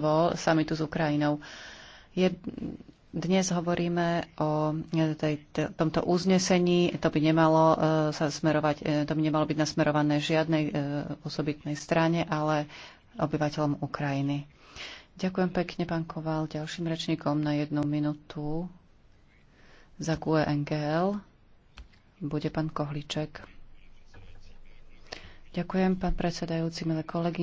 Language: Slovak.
posolstvo samitu s Ukrajinou. Je, dnes hovoríme o e, tej, tomto uznesení. To by nemalo e, sa smerovať, e, to by nemalo byť nasmerované žiadnej osobitnej strane, ale obyvateľom Ukrajiny. Ďakujem pekne, pán Koval. Ďalším rečníkom na jednu minútu za QNGL bude pán Kohliček. Ďakujem, pán predsedajúci, milé kolegyne.